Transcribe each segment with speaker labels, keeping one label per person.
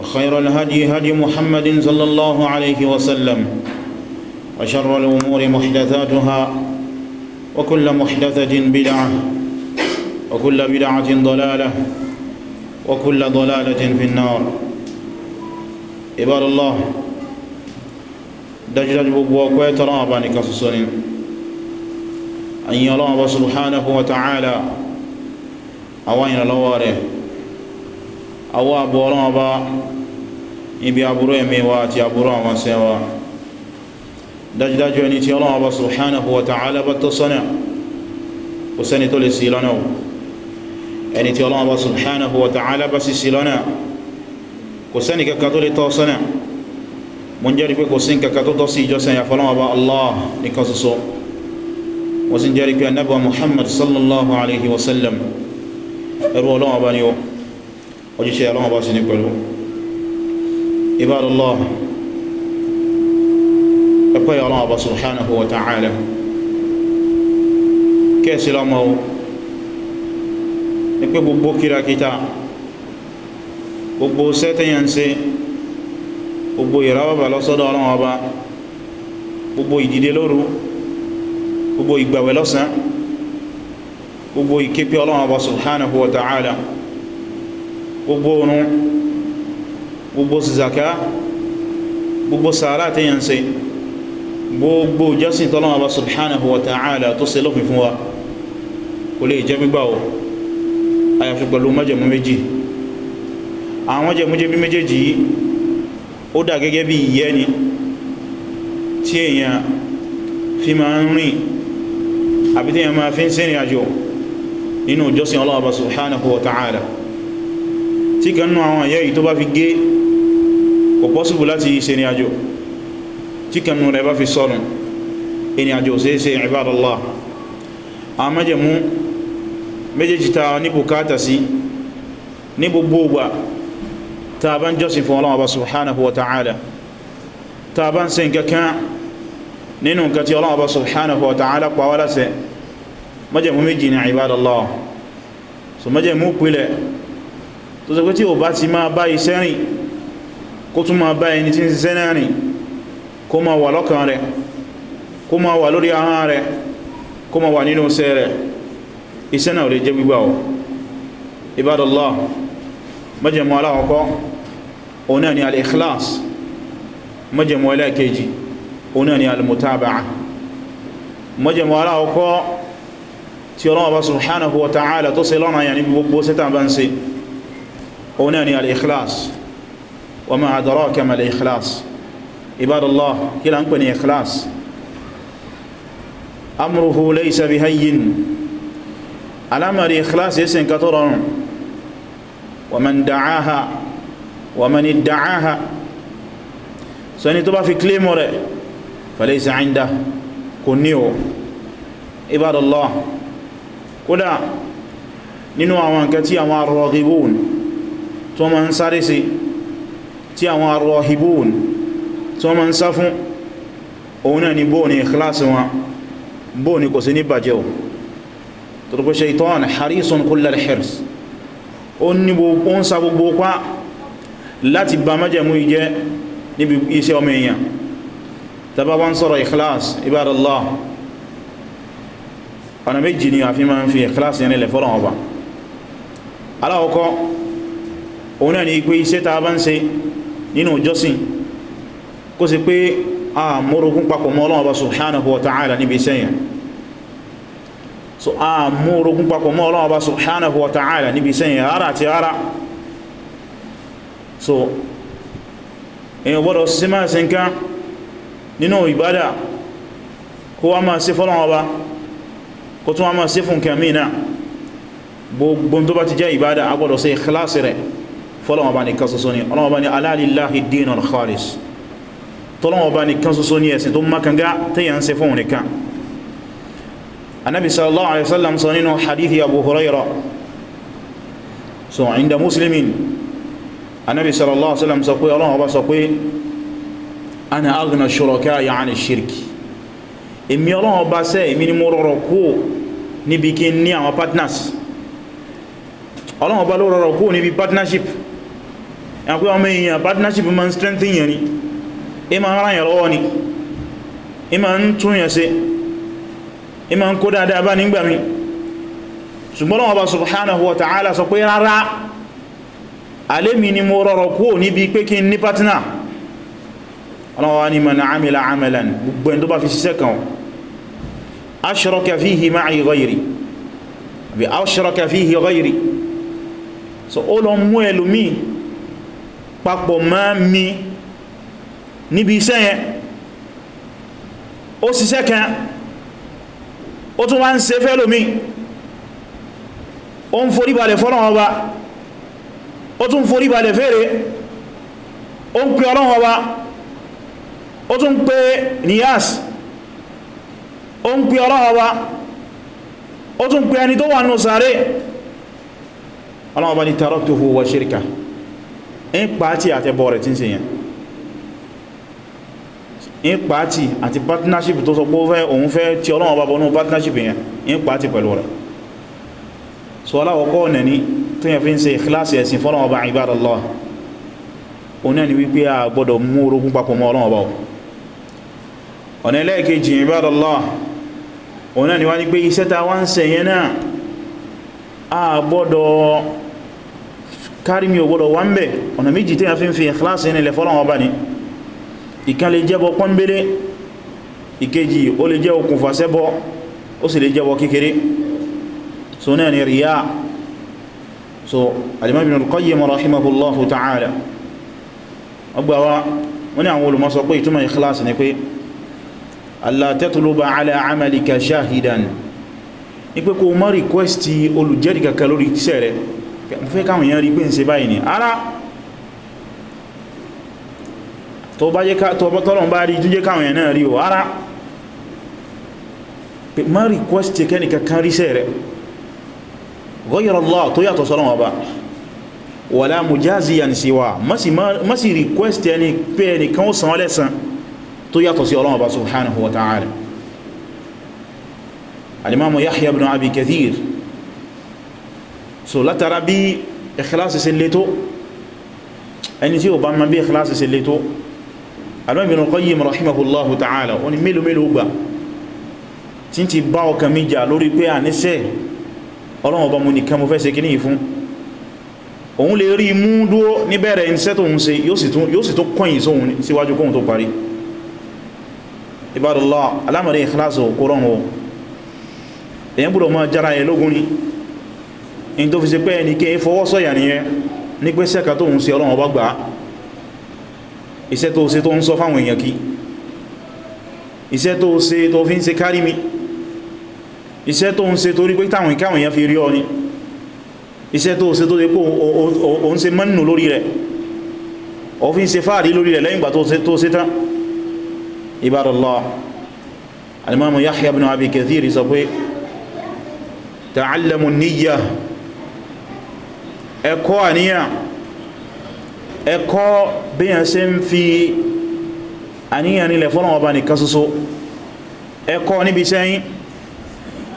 Speaker 1: وخير الهدي هدي محمد صلى الله عليه وسلم وشر الأمور محدثاتها وكل محدثة بدعة وكل بدعة ضلالة وكل ضلالة في النار عباد الله دجل ببوك ويترابا لكسسر أن يرى سبحانه وتعالى أوين لواره àwọ́ àbọ̀ ọ̀rọ̀ ọba ibi àbúrú ẹ̀mí wa àti àbúrú àwọn sẹ́wà dájúdájú ẹni tí ọlọ́run ọba subhanahu wa ta'ala bá tó sọ́nà kò sẹ́ni tó lè sí lọ́nà ẹni tí ọlọ́run ọba subhanahu wa ta'ala bá sì sí lọ́nà kò sẹ́ni kankan tó lè tọ́ sọ́nà mo ń pé kò sí kankan tó tọ́ sí ìjọsìn yà fọ́lọ́run ọba Allah ojúṣe ọlọ́wọ́ bá sí ní pẹ̀lú ibadallah ẹ̀pẹ́ ọlọ́wọ́ bá subhanahu wa ta'ala kẹ́ẹ̀sì lọ́mọ́ ní pé gbogbo kírakíta gbogbo sẹ́tẹ̀yàn sí gbogbo ìráwọ̀bà lọ́sọ́dọ̀ ọlọ́wọ́ bá gbogbo ìdìde lóru gbogbo ìgbàwẹ̀ lọ́sàn gbogbo ìképé ọlọ́wọ́ bá subhanahu wa ta'ala gbogbo orun gbogbo zaka gbogbo sàárà tí yẹn ṣe gbogbo jẹ́sìn tọ́lọ́wọ́ bá subhanahu wa ta'ala tó ṣe lófin fún wa kò lè jẹ́ gbígbà o àyàfi pẹ̀lú májẹ̀mú méjì àwọn májẹ̀mú méjèèjì yìí ó dà gẹ́gẹ́ bí ìyẹ́ ni tí èyàn fi ma ń rìn àbí ma fi ń sínrìn àjò nínú jọ́sìn ọlọ́wọ́ bá subhanahu wa tí kan nú àwọn ẹ̀yẹ́ yìí tó bá fi gé kò pọ́sìbù láti ṣe ní àjò tí kan nú rẹ̀ bá fi sọ́nù ẹni àjò ṣeéṣe ìbádọ́lá àwọn mẹ́jẹ̀mú méjèèjì ta ní bùkátà sí ní gbogbo ìgbà ta bá ń jọ́sìn fún Ọlọ́run Ọba subhanahu wa ta'ala ta bá ń ṣe nǹkankan nínú nǹkan tí Ọlọ́run subhanahu wa ta'ala pàwọ́ láṣẹ mẹ́jẹ̀mú méjì ní ìbádọ́lá so mẹ́jẹ̀mú pìlẹ̀ tó sọ pé tí ò bá ti máa bá iṣẹ́ rìn kó tún máa bá ẹni tí ń ṣiṣẹ́ náà rìn kó máa wà lọ́kàn rẹ̀ kó máa wà lórí ahọ́n rẹ̀ kó máa wà nínú iṣẹ́ rẹ̀ iṣẹ́ náà lè jẹ́ gbígbà ọ̀ Ibadallah májẹ̀mú alákọ̀ọ́kọ́ òun náà ni al-ikhlas májẹ̀mú ẹlẹ́ẹ̀kejì òun wa ta'ala tó ṣe lọ́nà yà ní gbogbo sẹ́tàn bá ń ṣe òun náà ni al-ikhlas wa ma adraka ma al-ikhlas ibadallah kí la ń pè ní ikhlas amruhu laysa bihayyin alamari ikhlas yẹ́sìn ka tó rọrùn wa man da'aha wa man idda'aha so ni tó bá fi claim rẹ̀ falaysa inda kò ní o ibadallah kódà nínú àwọn nǹkan tí àwọn ar tí wọ́n ma ń sáré sí tí àwọn arọ́hibun tí wọ́n ma ń sá fún òun náà ni bóò ní ikhlas wọn bóò ní kò sí ní bàjẹ́ o torípé shaitan harisun kullal hirs ó ń sa gbogbo pa láti ba májẹ̀mú ìjẹ́ níbi iṣẹ́ ọmọ èèyàn tàbá wọ́n sọ̀rọ̀ ikhlas ibadallah ọ̀nà méjì ni a fi ma ń fi ikhlas yẹn nílẹ̀ fọ́lọ̀ ọba aláwọ̀kọ́ òun náà ni pé iṣẹ́ ta bá ń ṣe nínú ìjọsìn kó sì pé a múrogún papọ̀ mọ́ Ọlọ́run Ọba subhanahu wa níbi iṣẹ́ yẹn so a múrogún papọ̀ mọ́ Ọlọ́run Ọba subhanahu wa ta'ala níbi iṣẹ́ yẹn ara àti ara so èyàn gbọ́dọ̀ sí máa ṣe nǹkan nínú ìbádà kó wá máa ṣe fọ́lọ́run Ọba kó tún wá máa ṣe fún kẹmí náà gbogbo tó bá ti jẹ́ ìbádà a gbọ́dọ̀ ṣe rẹ̀ fọ́lọ́wọ́n bá nìkan ṣoṣo ní ọlọ́wọ́n bá ní aláàlìláhì dínul khalis tọ́lọ́wọ́n bá nìkan ṣoṣo ní ẹ̀sìn tó makanga tẹ́yà ń ṣe fún nìkan anábi sallallahu alaihi wasallam sọ nínú hadithi abu huraira so inda muslimin anábi sallallahu alaihi wasallam sọ pé ọlọ́wọ́n bá sọ pé ana aghna shuraka ya ani shirk èmi ọlọ́wọ́n bá sẹ́ èmi ni mo rọrọ̀ kú níbi kí ní àwọn partners ọlọ́wọ́n bá ló rọrọ̀ kú níbi partnership ẹ̀kú ọmọ èèyàn partnership ma ń strengthen yẹn ni ẹ ma ń ráyàn lọ́wọ́ ni ẹ ma ń tún yẹn ṣe ẹ ma ń kó dáadáa bá nígbà mi ṣùgbọ́n Ọlọ́hun Ọba subhanahu wa ta'ala sọ pé rárá alémi ni mo rọrọ kúò níbi pé kí n ní pátínà ọlọ́wọ́ ni man amila amalan gbogbo ẹni tó bá fi ṣiṣẹ́ kan ashraka fihi ma'i ghayri so ó papọ̀ mọ́ mi níbi iṣẹ́ yẹn ó ṣiṣẹ́ kan ó tún wá ń ṣe fẹ́ lómi ó ń foríbalẹ̀ fọ́lọ́wọ́ bá ó tún foríbalẹ̀ fẹ́rẹ̀ ó ń pè ọlọ́wọ́ bá ó tún pè niyas ó ń pè ọlọ́wọ́ bá ó tún pè ẹni tó wà nù sáré ọlọ́wọ́ bá ni taraktuhu wa shirka in pàtí àti ẹbọ rẹ̀ tí ń ṣe yẹn in pàtí àti partnership tó sọ pé fẹ́ òun fẹ́ tí Ọlọ́run bá bọnú partnership yẹn in pàtí pẹ̀lú rẹ̀ so aláwọ̀kọ́ ọ̀nà ní tó yẹn fi ń ṣe ìkìláàsì ẹ̀sìn fọ́nà ọba ibadallah oní ẹni wípé a gbọ́dọ̀ mú orogún papọ̀ mọ́ Ọlọ́run ọba ọ̀nà ẹlẹ́ẹ̀kejì ibadallah oní kárí mi ò gbọ́dọ̀ wá ń bẹ̀ ọ̀nà méjì tí a fi ń fi ìkìláàsì nílẹ̀ fọ́lọ́wọ́ bá ní ìkan lè jẹ́bọ pọ́nbélé ìkejì ó lè jẹ́ okùnfà ṣẹbọ ó sì lè jẹ́bọ kékeré so náà ni ríyà so al-Imam Ibn al-Qayyim rahimahullahu ta'ala ọgbàwa wọ́n ni àwọn olùmọ́sọ pé ìtumọ̀ ìkìláàsì ni pé alla tatluba ala mo fẹ́ káwọn èèyàn rí pé ń ṣe báyìí ni ara tó bá jẹ́ tọ́lọ̀n bá rí tó jẹ́ káwọn èèyàn náà rí o ara pé má request kẹ́ni kankan rí sẹ́rẹ̀ gọ́yọ̀rọ̀lá tó yàtọ̀ sọ́lọ̀n ọba wàlá mujaziyan siwa má sì request ẹni pé ẹnìkan ó san ọlẹ́san tó yàtọ̀ sí Ọlọ́run ọba subhanahu wa ta'ala alimamu Yahya ibn Abi Kathir so látara bí ikhlasi ṣe lè tó ẹni tí ó bá ma bí ikhlasi ṣe lè tó alimabinu Qayyim rahimahullahu ta'ala wọ́n ni mélòó mélòó gbà tí ti bá ọkàn mi jà lórí pé àníṣẹ́ Ọlọ́run bá mú nìkan mo fẹ́ ṣe kíní fún òun lè rí mú dúó níbẹ̀rẹ̀ iṣẹ́ tó ń ṣe ibadallah alámọ̀dé ikhlasi ò kó rọrùn èyàn gbọ́dọ̀ máa jára ẹ̀ ni in tó fi ṣe pé ẹni kí fọwọ́sọ̀yà nìyẹn ní pé sẹ́ka tó ń ṣe Ọlọ́run ọba gbà iṣẹ́ tó ṣe tó ń sọ fáwọn èèyàn kí iṣẹ́ tó ṣe tó fi ń ṣe kárí mi iṣẹ́ tó ń ṣe torí pé táwọn ìkáwọn èèyàn fi rí ọ ni iṣẹ́ tó ṣe tó ṣe pé o ń ṣe mọ́nù lórí rẹ̀ o fi ń ṣe fáàrí lórí rẹ̀ lẹ́yìn ìgbà tó ẹ̀kọ́ àníyàn ẹ̀kọ́ bíyàn ṣe ń fi àníyàn nílẹ̀ fọ́nà ọba nìkan ṣoṣo ẹ̀kọ́ níbi sẹ́yìn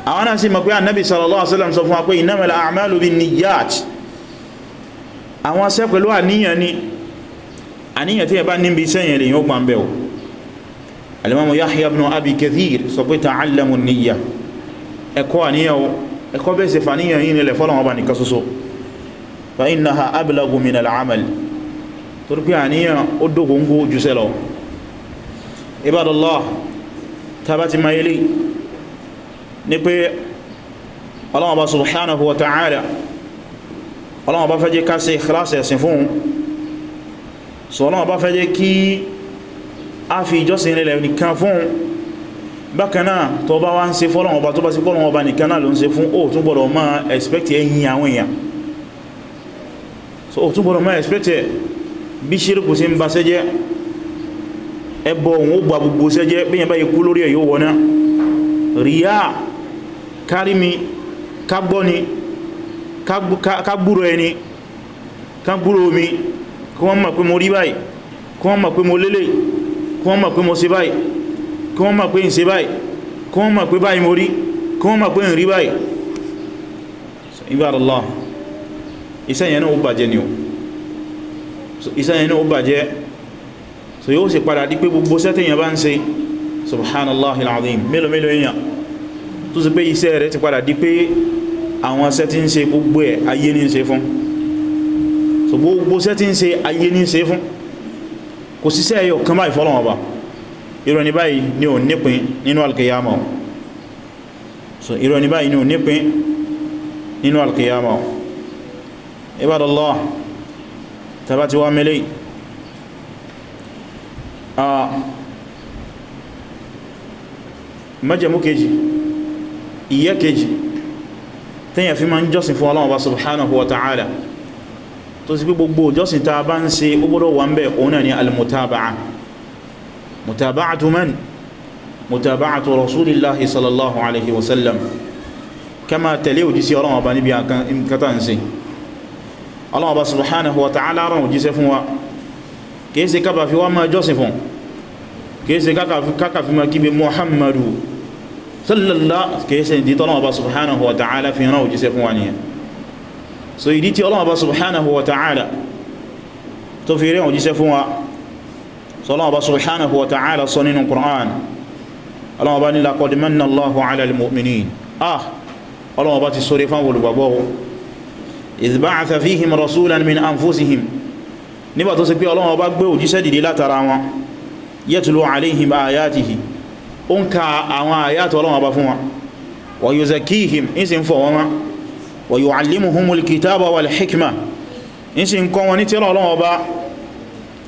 Speaker 1: àwọn náà sì mọ̀ pé annabi sallallahu alaihi wasallam sọ fún wa pé innamal a'malu binniyat àwọn ṣe pẹ̀lú àníyàn ni àníyàn tí ẹ bá níbi sẹ́yìn lè yóò gbàmbẹ̀ o alimamu Yahya ibn Abi Kathir sọ pé ta'allamu an-niyya ẹ̀kọ́ àníyàn ẹ̀kọ́ bẹ́ẹ̀ ṣe fàníyàn yìí nílẹ̀ fọ́nà ọba nìkan ṣoṣo fa innaha ablagu min al'amal torí pé àníyàn ó dógóngó jùsẹ́ lọ ibadallah tàbá ti máa ilé ní pé ọlọ́wọ́ bá subhanahu wa ta'ala ọlọ́wọ́ bá fẹ́jẹ́ ká ṣe ikhlas ẹ̀sìn fún so ọlọ́wọ́ bá fẹ́jẹ́ kí a fi ìjọsìn ilẹ̀ nìkan fún bákanáà tó bá wá ń ṣe fọ́lọ́wọ́ bá tó bá sí fọ́lọ́wọ́ bá nìkan náà ló ń ṣe fún ó tún gbọ́dọ̀ máa expect ẹ̀yìn àwọn èèyàn so o túbọ̀rọ̀ máa ẹ̀spẹ́tẹ̀ bí ṣírùkù sí ń ba sẹ́jẹ́ ẹbọ òun ó gba gbogbo sẹ́jẹ́ bíyàn bá ikú lórí ẹ̀ yóò wọ́ná ríyà kárìmí kágbọ́ni kágbúrò ẹni kágbúrò omi kí wọ́n mọ̀ pé mo rí báyìí kí wọ́n mọ̀ pé mo lélẹ̀ kí wọ́n mọ̀ pé mo ṣe báyìí kí wọ́n mọ̀ pé ń ṣe báyìí kí wọ́n mọ̀ pé báyìí báyìí iṣẹ́ yẹn náà ó bàjẹ́ ni o iṣẹ́ yẹn náà ó bàjẹ́ so yóò sì padà di pé gbogbo sẹ́tẹ̀yàn bá ń ṣe subhanallahil azim mélòó mélòó èèyàn tó sì pé iṣẹ́ rẹ̀ ti padà di pé àwọn sẹ́tí ń gbogbo ẹ̀ ayé ní ṣe fún so gbogbo sẹ́tí ń ṣe ayé ní ṣe fún kò síṣẹ́ ẹyọ kan máa bá irọ́ so irọ́ ní báyìí ni ò Ibadallah tàbá ti wá mẹ́lẹ̀ májẹ̀mú kejì ìyẹ́ kejì tẹ́yà fi máa ń jọ́sìn fún Ọlọ́run Ọba subhanahu wa ta'ala tó sì pé gbogbo jọ́sìn ta bá ń ṣe ó gbọ́dọ̀ wà ń bẹ̀ òun náà ni al-mutaba'a mutaba'atu man mutaba'atu rasulillahi sallallahu alaihi wasallam kama tẹ̀lé òjísí Ọlọ́run Ọba níbi àkàtà ń Allah bá subhanahu wa ta'ala rán òjíṣẹ́ fún wa kìí ṣe kápa fi wá máa jọ́sìn fún kìí ṣe káka fi máa kíbi muhammadu sallallahu kìí ṣe ìdí tọ́lọ́wọ́ bá subhanahu wa ta'ala fi rán òjíṣẹ́ fún wa nìyẹn so ìdí tí Allah bá subhanahu wa ta'ala tó fi rán òjíṣẹ́ fún wa so Allah bá subhanahu ta'ala sọ nínú Qur'an Allah bá ní laqad manna idh ba'atha fihim rasulan min anfusihim nígbà tó sì pé Ọlọ́run bá gbé òjíṣẹ́ dìde látara wọn yatlu alayhim ayatihi ó ń ka àwọn àyàtọ̀ Ọlọ́run bá fún wọn wa yuzakkihim in sì ń fọ̀ wọn wa yu'allimuhumul kitaba wal hikma in sì ń kọ́ wọn ní tírà Ọlọ́run bá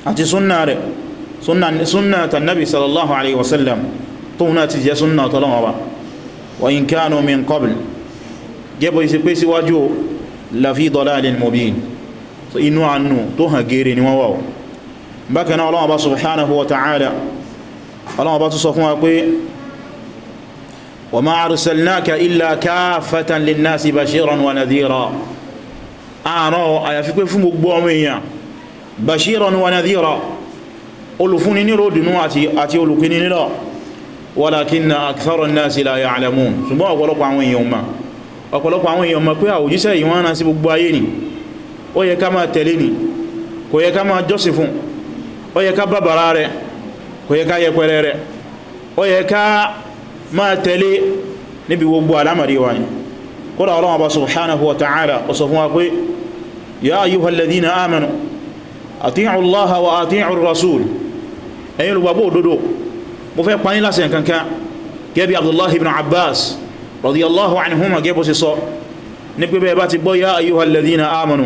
Speaker 1: àti súnnà rẹ̀ súnnà tannabi sallallahu alaihi wasallam tó náà ti jẹ́ súnnà tọ́lọ́wọ́ ba wa in kanu min qabl gẹ́bọ̀ ìsìpé síwájú lafi dalalin mubin so inú àánú tó hàn gẹ́rẹ́ ni wọ́n wà bákan náà Ọlọ́run Ọba subhanahu wa ta'ala Ọlọ́run Ọba tó sọ fún wa pé wa ma arsalnaka illa kaffatan linnasi bashiran wa nadhira àárọ̀ àyàfi pé fún gbogbo ọmọ èèyàn bashiran wa nadhira olùfúnni ní ròdùnú àti olùkúnni nílọ walakinna akthara an-nasi la ya'lamun ṣùgbọ́n ọ̀pọ̀lọpọ̀ àwọn èèyàn máa ọ̀pọ̀lọpọ̀ àwọn èèyàn mọ̀ pé àwòjíṣẹ́ yìí wọ́n rán sí gbogbo ayé ni ó yẹ ká máa tẹ̀lé ni kò yẹ ká máa jọ́sìn fún ó yẹ ká bàbàrà rẹ̀ kò yẹ ká yẹpẹrẹ rẹ̀ ó yẹ ká máa tẹ̀lé níbi gbogbo alámàrí wa ni kódà Ọlọ́run Ọba subhanahu wa ta'ala ó sọ fún wa radiyallahu anhuma gẹ́bọ́ sí sọ ní pé bẹ́ẹ̀ bá ti gbọ́ ya ayyuhal ladhina amanu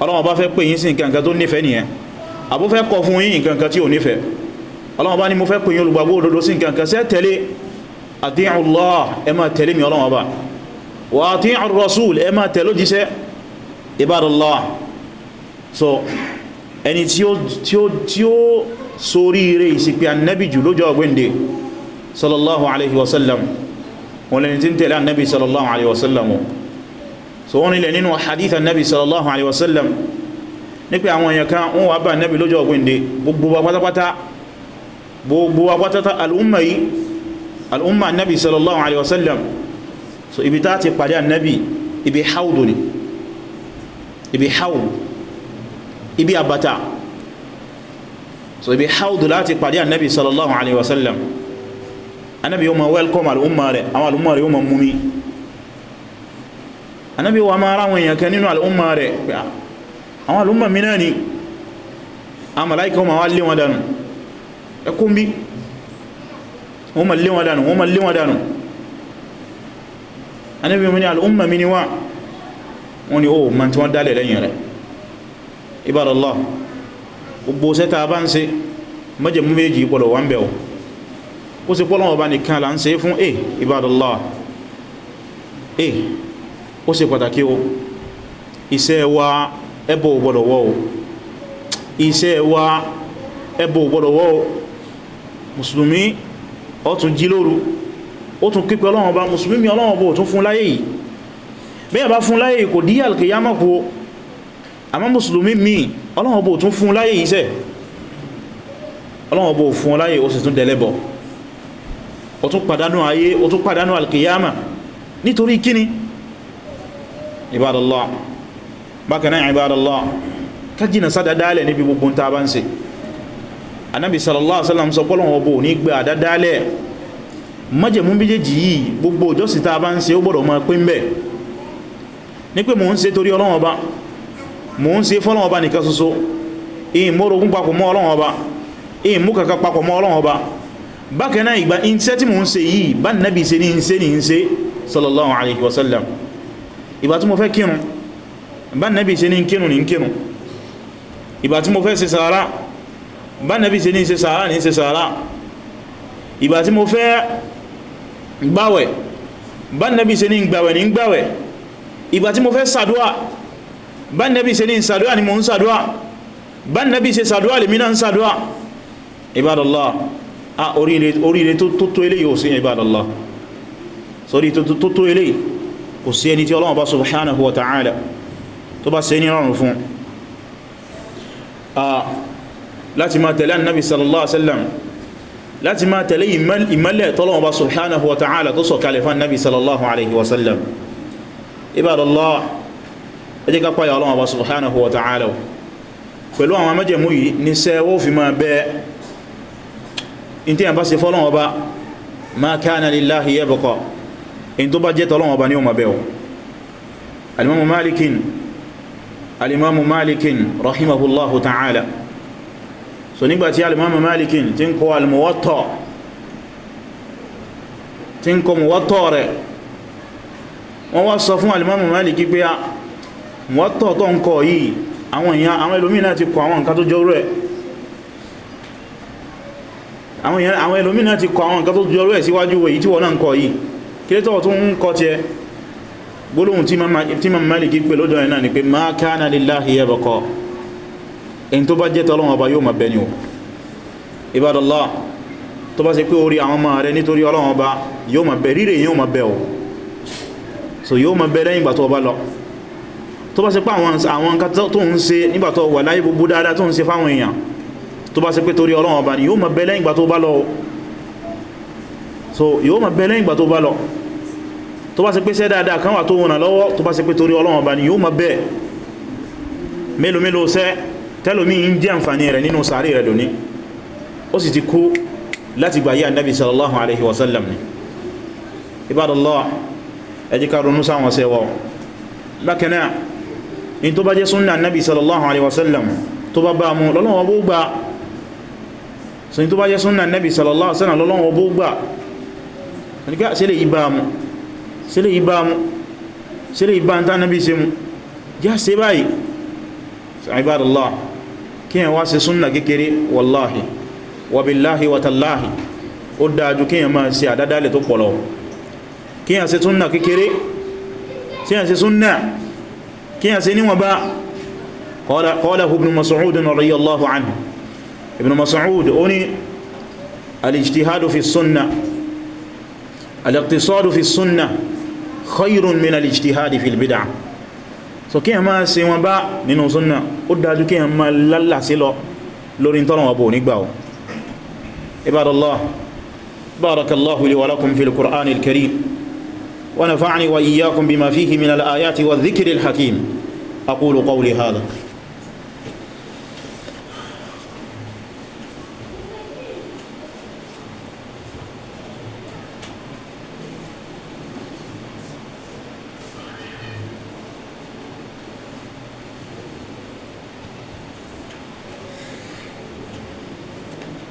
Speaker 1: ọlọ́wọ́ bá fẹ́ pè yín sí nǹkan tó nífẹ̀ẹ́ nìyẹn àbú fẹ́ kọ fún yín nǹkan tí ò nífẹ̀ẹ́ ọlọ́wọ́ bá ní mo fẹ́ pè yín olùgbàgbọ́ òdodo sí nǹkan sẹ́ tẹ̀lé ati'ullah ẹ máa tẹ̀lé mi ọlọ́wọ́ bá wa ati'ur rasul ẹ máa tẹ̀lé òjíṣẹ́ ibadallah so ẹni tí ó tí ó tí ó sórí ire ìsìnkú annabi jù lọ́jọ́ ọgbẹ́ndẹ̀ sallallahu alaihi wasallam wọn lẹni tí ń tẹ̀lé annabi sallallahu alaihi wasallam so wọ́n nílẹ̀ nínú hadith annabi sallallahu alaihi wasallam ní pé àwọn èèyàn kan wọ́n wà bá annabi lọ́jọ́ ọ̀gbìnde gbogbo wa pátápátá gbogbo wa pátápátá al'umma yìí al'umma annabi sallallahu alaihi wasallam so ibi tá ti pàdé annabi ibi haudu ni ibi haudu anábi yóò ma welcome al'umma rẹ̀ àwọn al'umma rẹ̀ yóò ma múmi anábi wa ma ráwọn èèyàn kan nínú al'umma rẹ̀ ah, àwọn al'umma mi náà ni a màláìkà ma wá lé wọn dànù ẹkùn bí wọ́n ma lé wọn dànù wọ́n ma lé wọn dànù anábi mi ni al'umma mi ni wá wọ́n ni ó ma tí wọ́n dálẹ̀ lẹ́yìn rẹ̀ ibadallah gbogbo sẹ́ta bá ń ṣe mọ́jẹ̀ mú méjì ìpọ̀lọ̀ wọ́n bẹ̀wọ̀ kó sí pọ́lọ́wọ́ ọba nìkan là ń ṣe fún e ibadallah eh ó ṣe pàtàkì o iṣẹ́ wa ẹbọ ò gbọ́dọ̀ wọ́ o iṣẹ́ wa ẹbọ ò gbọ́dọ̀ wọ́ o mùsùlùmí ó tún jí lóru ó tún kípẹ́ ọlọ́wọ́ ọba mùsùlùmí ọlọ́wọ́ ọba ò tún fún láyé yìí bí ẹ̀bá fún láyé kò dí alkiyama kú àmá mùsùlùmí míì ọlọ́wọ́ ọba ò tún fún láyé yìí sẹ́ ọlọ́wọ́ ọba ò fún láyé ó sì tún dẹ̀lẹ́bọ̀ọ́ ó tún pàdánù ayé ó tún pàdánù alkiyama nítorí kíni ibadallá bákanáà ibadallá ká jìnà sádádálẹ̀ níbi gbogbo ta bá ń ṣe anábi sallallahu alaihi wasallam sọ pọ́lọ̀ ọbọ̀ ní gbé àdádálẹ̀ májẹ̀mú méjèèjì yìí gbogbo ìjọsìn ta bá ń ṣe ó gbọ́dọ̀ máa pín bẹ́ẹ̀ ní pé mò ń ṣe torí Ọlọ́run Ọba mò ń ṣe fọ́lọ́run Ọba nìkan ṣoṣo ìyìn mọ́rogún papọ̀ mọ́ Ọlọ́run ìyìn mú kankan papọ̀ mọ́ Ọlọ́run bákaná ìgbà iṣẹ́ tí mo ń ṣe yìí bá nàbí ṣe ní ṣe ní ṣe sallallahu alaihi wasallam ìgbà tí mo fẹ́ kírun bá nàbí ṣe ní kírun ní kírun ìgbà tí mo fẹ́ ṣe sàárà bá nàbí ṣe ní ṣe sàárà ní ṣe sàárà ìgbà tí mo fẹ́ gbàwẹ̀ bá nàbí ṣe ní gbàwẹ̀ ní gbàwẹ̀ ìgbà tí mo fẹ́ sàdúà bá nàbí ṣe ní sàdúà ni mo ń sàdúà bá nàbí ṣe sàdúà lèmi náà ń sàdúà ibadallah ah oríire tó tó eléyìí ò sí ibadallah sórí tó tó eléyìí kò sí ẹni tí Ọlọ́run bá subhanahu wa ta'ala tó bá ṣe ní rọrùn fún ah, láti máa tẹ̀lé annabi sallallahu alaihi wasallam láti máa tẹ̀lé ìmọ́lẹ̀ tọ́lọ́wọ́ bá subhanahu wa ta'ala tó sọ̀kalẹ̀ fún annabi sallallahu alaihi wasallam ibadallah ẹ jẹ́ ká páyà Ọlọ́run bá subhanahu in tí yàn bá ṣe fọ́lọ́wọ́ bá ma kana lillahi yabqa in tó bá jẹ́ tọ́lọ́wọ́ bá ní ọmọ bẹ̀wọ̀ alimamu malikin alimamu malikin rahimahullahu ta'ala so nígbàtí alimamu malikin tí ń kọ almuwatta tí ń kọ muwatta rẹ̀ wọ́n wá sọ fún alimamu maliki pé ah, muwatta tó ń kọ yìí àwọn èèyàn àwọn ẹlòmí ti kọ àwọn nǹkan tó jọ rẹ̀ àwọn ẹlòmínà ti kọ àwọn nǹkan tó jọrọ ẹ̀ síwájú èyí tí wọ́n náà ń kọ yìí kí lé tọ́wọ́ tó ń kọ tí ẹ gbólóhùn tí ma malik pè lọ́dọ̀ ẹ̀ náà ni pé ma kana lillahi yabqa in tó bá jẹ́ tọ́lọ́wọ́ ọba yóò ma bẹ ni o ibadallah tó bá ṣe pé orí àwọn ọmọ rẹ nítorí ọlọ́wọ́ ọba tó bá ṣe pé torí Ọlọ́run ọba ni yóò máa bẹ lẹ́yìn ìgbà tó bá lọ so yóò máa bẹ lẹ́yìn ìgbà tó bá lọ tó bá ṣe pé ṣẹ́ dáadáa kan wà tó wọ̀nà lọ́wọ́ tó bá ṣe pé torí Ọlọ́run ọba ni yóò máa bẹ mélòó mélòó ṣẹ́ tẹ́lòmí ń jẹ́ àǹfààní rẹ̀ nínú sàárì rẹ̀ dòní ó sì ti kú láti gbàyé ànábì sallallahu alaihi wasallam ni ibadallah ẹ jẹ́ ká ronú sáwọn sẹ́wọ́ bákanáà in tó bá jẹ́ sallallahu alaihi wasallam tó bá bá mú lọ́lọ́wọ́ gbogbo so ní tó bá jẹ́ súnnà nẹ́bì sallallahu alaihi wasallam lọ́lọ́wọ́ bó gbà nígbà sílẹ̀ ìbámu sílẹ̀ ìbámu sílẹ̀ ìbántá nẹ́bì sí mú já sí báyìí ibadallah kí yẹn wá sí súnnà kékeré wallahi wabillahi watallahi ó dájú kí yẹn máa sí àdádálẹ̀ tó pọ̀lọ̀ kí yẹn sí súnnà kékeré ibn Mas'ud ó ní al-ijtihadu fi sunna al-iqtisadu fi sunna khayrun min al-ijtihadi fi al-bid'a so kí ẹ máa ṣe wọn bá nínú sunna ó dájú kí ẹ máa lálàsí lọ lórí tọ́lọ̀wọ̀ bò nígbà o ibadallah barakallahu li wa lakum fil qur'an al-karim wa nafa'ani wa iyyakum bima fihi min al-ayati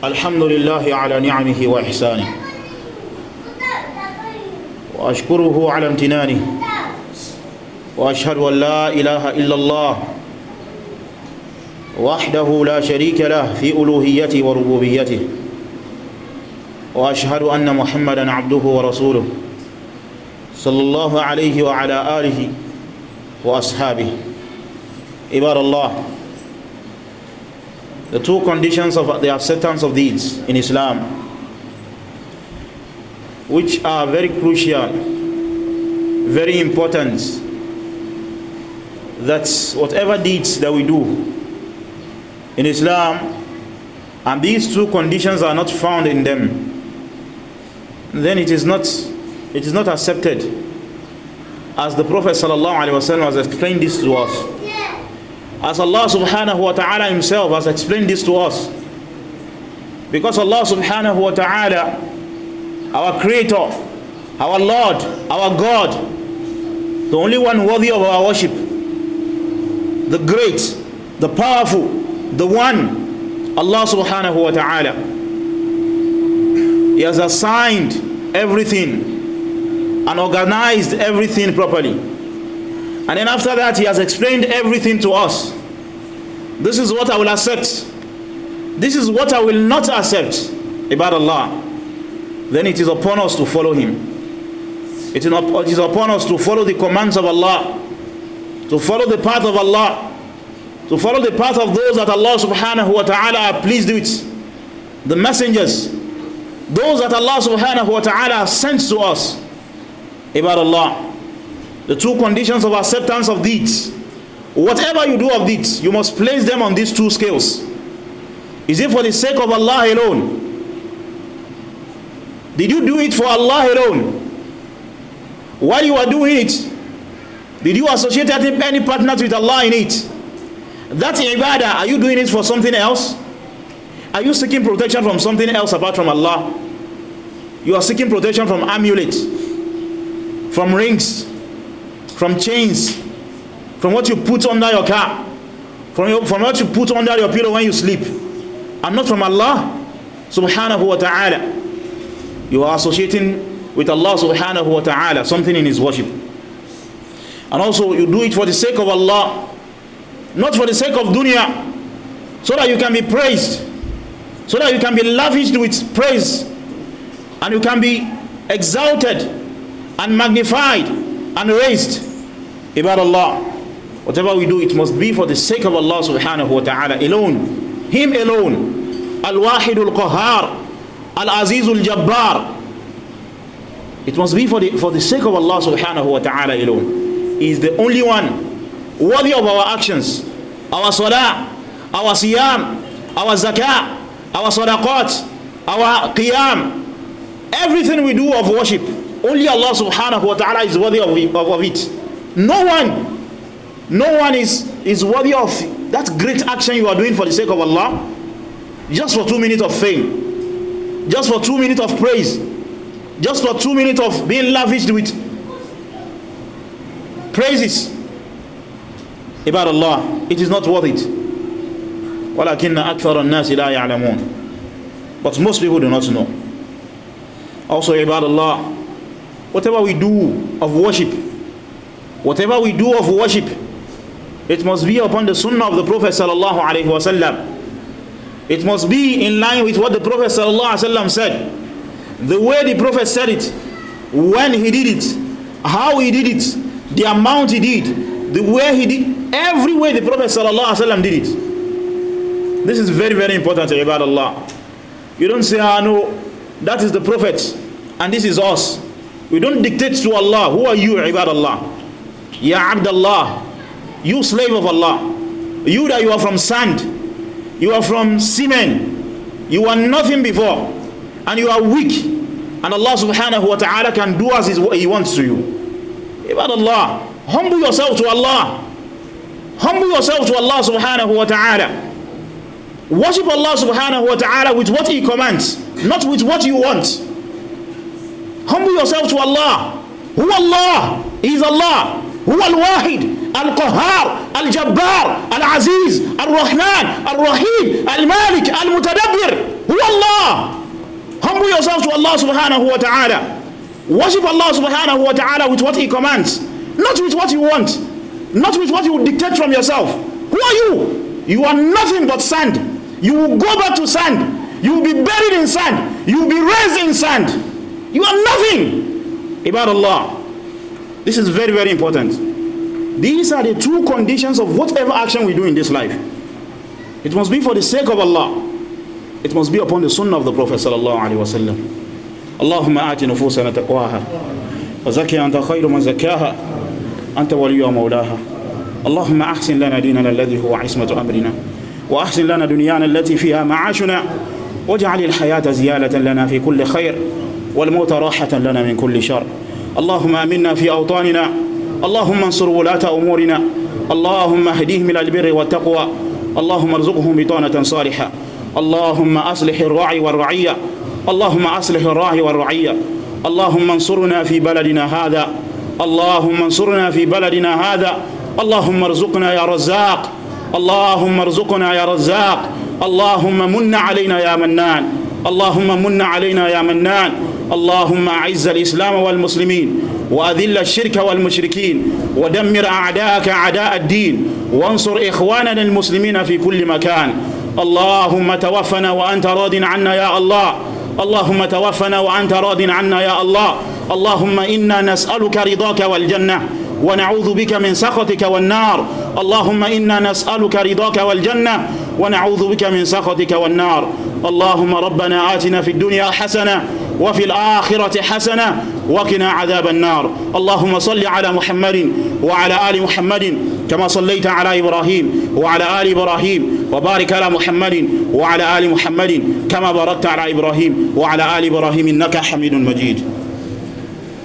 Speaker 1: الحمد لله على نعمه وإحسانه وأشكره على امتنانه وأشهد أن لا إله إلا الله وحده لا شريك له في ألوهيته وربوبيته وأشهد أن محمدا عبده ورسوله صلى الله عليه وعلى آله وأصحابه عباد الله The two conditions of the acceptance of deeds in Islam, which are very crucial, very important, that whatever deeds that we do in Islam, and these two conditions are not found in them, then it is not, it is not accepted. As the Prophet ﷺ has explained this to us. As Allah subhanahu wa ta'ala himself has explained this to us. Because Allah subhanahu wa ta'ala, our creator, our Lord, our God, the only one worthy of our worship, the great, the powerful, the one, Allah subhanahu wa ta'ala. He has assigned everything and organized everything properly. And then after that, he has explained everything to us. This is what I will accept. This is what I will not accept about Allah. Then it is upon us to follow Him. It is upon us to follow the commands of Allah, to follow the path of Allah, to follow the path of those that Allah subhanahu wa ta'ala are pleased with, the messengers, those that Allah subhanahu wa ta'ala sends to us. About Allah, the two conditions of acceptance of deeds whatever you do of it you must place them on these two scales is it for the sake of Allah alone did you do it for Allah alone while you are doing it did you associate any partners with Allah in it that ibadah are you doing it for something else are you seeking protection from something else apart from Allah you are seeking protection from amulets from rings from chains from what you put under your car from, your, from what you put under your pillow when you sleep and not from Allah subhanahu wa ta'ala you are associating with Allah subhanahu wa ta'ala something in his worship and also you do it for the sake of Allah not for the sake of dunya so that you can be praised so that you can be lavished with praise and you can be exalted and magnified and raised ibad Allah Whatever we do, it must be for the sake of Allah subhanahu wa ta'ala alone. Him alone. Al-Wahid al-Qahar. Al-Aziz al-Jabbar. It must be for the, for the sake of Allah subhanahu wa ta'ala alone. He is the only one worthy of our actions. Our salah, our siyam, our zakah, our sadaqat, our qiyam. Everything we do of worship, only Allah subhanahu wa ta'ala is worthy of it. No one no one is, is worthy of that great action you are doing for the sake of Allah just for two minutes of fame just for two minutes of praise just for two minutes of being lavished with praises about Allah it is not worth it but most people do not know also about Allah whatever we do of worship whatever we do of worship It must be upon the sunnah of the Prophet sallallahu alaihi wasallam. It must be in line with what the Prophet sallallahu alaihi wasallam said. The way the Prophet said it, when he did it, how he did it, the amount he did, the way he did, every way the Prophet sallallahu alaihi wasallam did it. This is very very important to Ibad Allah. You don't say, ah no, that is the Prophet and this is us. We don't dictate to Allah, who are you Ibad Allah? Ya Abdullah, you slave of Allah, you that you are from sand, you are from semen, you are nothing before, and you are weak, and Allah subhanahu wa ta'ala can do as He wants to you. Ibad Allah, humble yourself to Allah. Humble yourself to Allah subhanahu wa ta'ala. Worship Allah subhanahu wa ta'ala with what He commands, not with what you want. Humble yourself to Allah. Who Allah is Allah. Who Al Wahid. القهار الجبار العزيز الرحمن الرحيم المالك المتدبر هو الله humble yourselves to Allah subhanahu wa worship Allah سبحانه وتعالى with what he commands not with what you want not with what you dictate from yourself who are you you are nothing but sand you will go back to sand you will be buried in sand you will be raised in sand you are nothing about Allah this is very very important These are the two conditions of whatever action we do in this life. It must be for the sake of Allah. It must be upon the sunnah of the Prophet sallallahu alaihi wasallam. اللهم آت نفوسنا تقواها وزكي أنت خير من زكاها أنت ولي مولاها اللهم أحسن لنا ديننا الذي هو عصمة أمرنا وأحسن لنا دنيانا التي فيها معاشنا واجعل الحياة زيادة لنا في كل خير والموت راحة لنا من كل شر اللهم أمنا في أوطاننا اللهم انصر ولاة أمورنا اللهم اهديهم إلى البر والتقوى اللهم ارزقهم بطانة صالحة اللهم أصلح الراعي والرعية اللهم أصلح الراعي والرعية اللهم انصرنا في بلدنا هذا اللهم انصرنا في بلدنا هذا اللهم ارزقنا يا رزاق اللهم ارزقنا يا رزاق اللهم من علينا يا منان اللهم من علينا يا منان اللهم أعز الإسلام والمسلمين وأذل الشرك والمشركين ودمر أعداءك أعداء الدين وانصر إخواننا المسلمين في كل مكان اللهم توفنا وأنت راض عنا يا الله اللهم توفنا وأنت راض عنا يا الله اللهم إنا نسألك رضاك والجنة ونعوذ بك من سخطك والنار اللهم إنا نسألك رضاك والجنة ونعوذ بك من سخطك والنار اللهم ربنا آتنا في الدنيا حسنة وفي الآخرة حسنة وقنا عذاب النار اللهم صل على محمد وعلى آل محمد كما صليت على إبراهيم وعلى آل إبراهيم وبارك على محمد وعلى آل محمد كما باركت على إبراهيم وعلى آل إبراهيم إنك حميد مجيد